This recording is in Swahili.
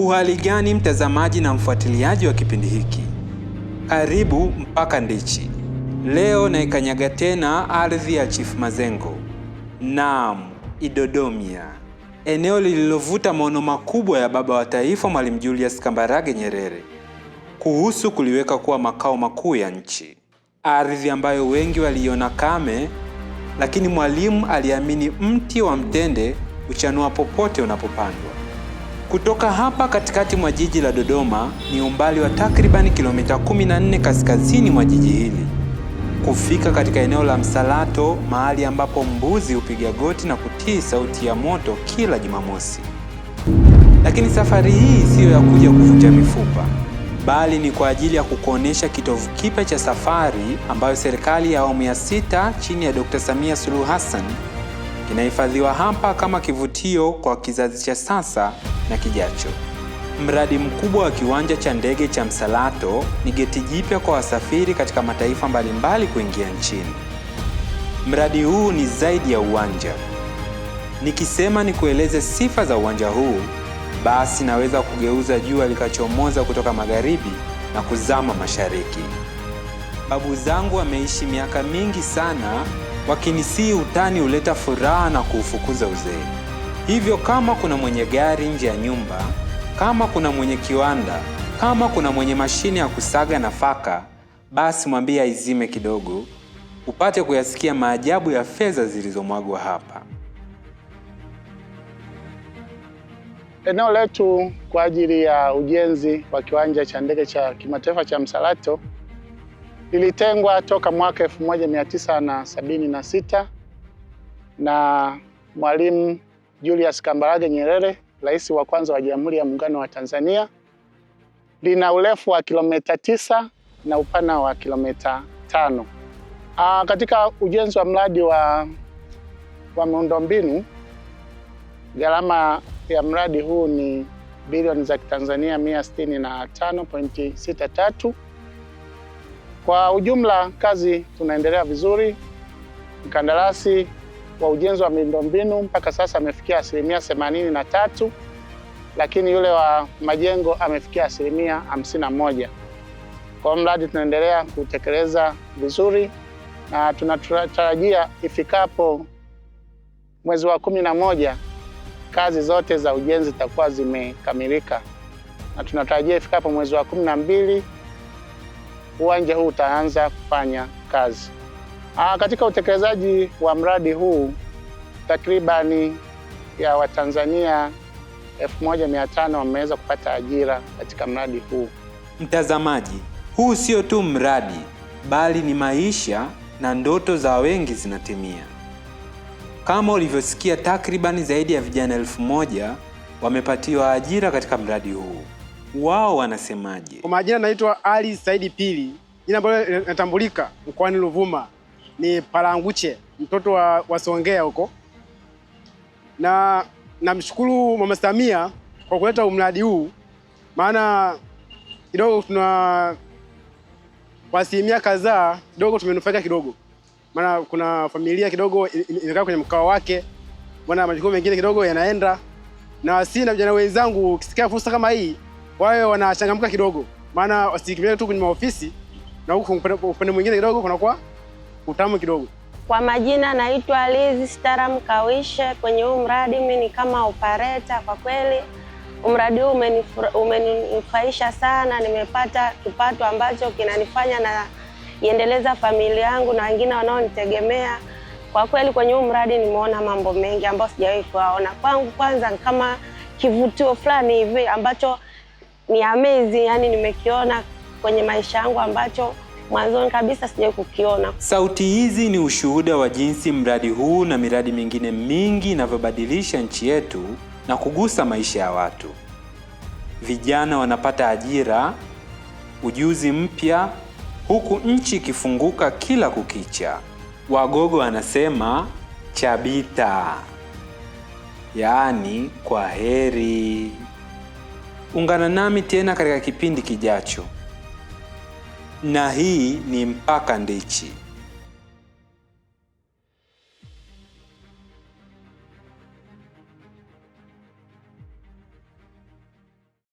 Uhali gani mtazamaji na mfuatiliaji wa kipindi hiki, karibu mpaka Ndichi. Leo naikanyaga tena ardhi ya Chief Mazengo, naam, Idodomia, eneo lililovuta maono makubwa ya baba wa taifa Mwalimu Julius Kambarage Nyerere kuhusu kuliweka kuwa makao makuu ya nchi, ardhi ambayo wengi waliiona kame, lakini Mwalimu aliamini mti wa mtende uchanua popote unapopandwa. Kutoka hapa katikati mwa jiji la Dodoma ni umbali wa takriban kilomita 14 kaskazini mwa jiji hili kufika katika eneo la Msalato, mahali ambapo mbuzi hupiga goti na kutii sauti ya moto kila Jumamosi. Lakini safari hii siyo ya kuja kuvunja mifupa, bali ni kwa ajili ya kukuonesha kitovu kipya cha safari ambayo serikali ya awamu ya sita chini ya Dr. Samia Suluhu Hassan inahifadhiwa hapa kama kivutio kwa kizazi cha sasa na kijacho. Mradi mkubwa wa kiwanja cha ndege cha Msalato ni geti jipya kwa wasafiri katika mataifa mbalimbali kuingia nchini. Mradi huu ni zaidi ya uwanja. Nikisema nikueleze sifa za uwanja huu, basi naweza kugeuza jua likachomoza kutoka magharibi na kuzama mashariki. Babu zangu wameishi miaka mingi sana wakinisii utani huleta furaha na kuufukuza uzee. Hivyo kama kuna mwenye gari nje ya nyumba, kama kuna mwenye kiwanda, kama kuna mwenye mashine ya kusaga nafaka, basi mwambie aizime kidogo, upate kuyasikia maajabu ya fedha zilizomwagwa hapa. Eneo letu kwa ajili ya ujenzi wa kiwanja cha ndege cha kimataifa cha Msalato lilitengwa toka mwaka 1976 na, na mwalimu Julius Kambarage Nyerere, rais wa kwanza wa Jamhuri ya Muungano wa Tanzania. Lina urefu wa kilomita tisa na upana wa kilomita tano. Aa, ah, katika ujenzi wa mradi wa, wa miundombinu gharama ya mradi huu ni bilioni za Kitanzania 165.63. Kwa ujumla kazi tunaendelea vizuri, mkandarasi wa ujenzi wa miundombinu mpaka sasa amefikia asilimia themanini na tatu, lakini yule wa majengo amefikia asilimia hamsini na moja. Kwa mradi tunaendelea kutekeleza vizuri na tunatarajia ifikapo mwezi wa kumi na moja kazi zote za ujenzi zitakuwa zimekamilika, na tunatarajia ifikapo mwezi wa kumi na mbili uwanja huu utaanza kufanya kazi. Aa, ah, katika utekelezaji wa mradi huu takribani ya Watanzania 1500 wameweza kupata ajira katika mradi huu. Mtazamaji, huu sio tu mradi bali ni maisha na ndoto za wengi zinatimia. Kama ulivyosikia, takribani zaidi ya vijana elfu moja wamepatiwa ajira katika mradi huu. Wao wanasemaje? Kwa majina, naitwa Ali Saidi Pili, jina ambalo linatambulika mkoani Ruvuma ni Palanguche mtoto wa Wasongea huko, na namshukuru Mama Samia kwa kuleta umradi huu, maana kidogo tuna kwa asilimia kadhaa kidogo tumenufaika kidogo, maana kuna familia kidogo imekaa kwenye mkao wake, maana majukumu mengine kidogo yanaenda, na si na vijana wenzangu, ukisikia fursa kama hii, wao wanachangamka kidogo, maana wasikimbilie tu kwenye maofisi, na huko upande mwingine kidogo kunakuwa utamu kidogo. Kwa majina naitwa Liz Staram Kawishe. Kwenye huu mradi mimi ni kama opareta Kwa kweli mradi huu umeninufaisha sana, nimepata kipato ambacho kinanifanya na iendeleza familia yangu na wengine wanaonitegemea. Kwa kweli kwenye huu mradi nimeona mambo mengi ambayo sijawahi kuwaona kwangu. Kwanza kama kivutio fulani hivi ambacho ni amazing, yani nimekiona kwenye maisha yangu ambacho mwanzoni kabisa sijai kukiona. Sauti hizi ni ushuhuda wa jinsi mradi huu na miradi mingine mingi inavyobadilisha nchi yetu na kugusa maisha ya watu. Vijana wanapata ajira, ujuzi mpya, huku nchi ikifunguka kila kukicha. Wagogo wanasema chabita, yaani kwa heri. Ungana nami tena katika kipindi kijacho na hii ni Mpaka Ndichi.